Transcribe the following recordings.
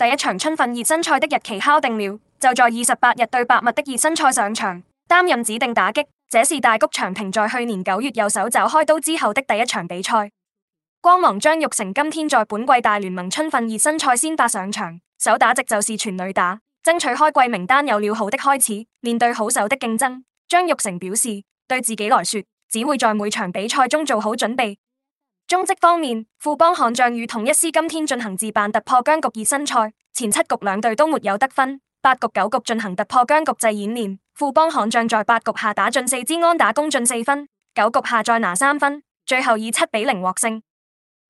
第一場春訓熱身賽的日期敲定了，就在二十八日對白襪的熱身賽上場，擔任指定打擊。這是大谷翔平在去年九月右手肘開刀之後的第一場比賽。光芒張玉成今天在本季大聯盟春訓熱身賽先發上場，首打席就是全壘打，爭取開季名單有了好的開始。面對好手的競爭，張玉成表示，對自己來說只會在每場比賽中做好準備。中職方面，富邦悍將與同一師今天進行自辦突破僵局熱身賽，前七局兩隊都沒有得分，八局九局進行突破僵局制演練，富邦悍將在八局下打進四支安打攻進四分，九局下再拿三分，最後以七比零獲勝。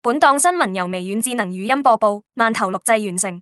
本檔新聞由微軟智能語音播報，饅頭錄製完成。